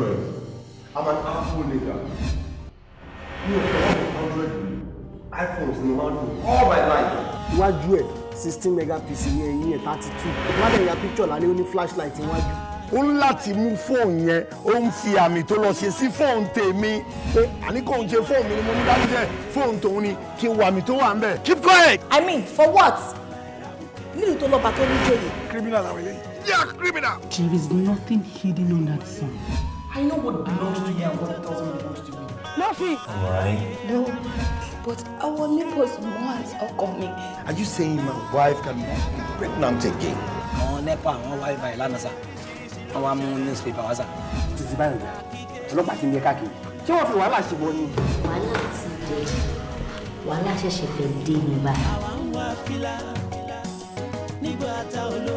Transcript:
I'm an apple nigga. You have iPhones in one room all my life. What Iwájú ẹ̀ 16 megapixel ní ẹ̀yìn 32? thirty two. Ládẹ̀ picture lálẹ́ ó ní flashlight What Ó ń láti mú fóònù yẹn, ó ń fi àmì tó lọ ṣe sí fóònù tèmi. Pé àní kò ń ṣe fóònù mi ni mo ń dájú jẹ́ fóònù tòun ni kí n wo àmì tó wà Keep quiet. I mean for what? Nílùú tó lọ bá tó ní jòyè. Criminal àwọn eléyìí. Yeah, criminal. There is nothing hidden under the sun. I know what belongs to you and what doesn't belong to me. Nothing. All right. No, but our neighbors want us coming. Are you saying my wife cannot be pregnant again? Àwọn NEPA àwọn wáyé báyìí lánàá sá. Wọ́n wá mú newspaper wá sá. Títí báyìí dà, ọlọ́pàá ti ń bẹ káàkiri. Ṣé wọ́n fi wàhálà ṣe wọ ni? Wàhálà ti dé. Wàhálà ṣẹ̀ṣẹ̀ fẹ́ dé ní báyìí. Àwa ń wá fílà nígbà tá a olóyè.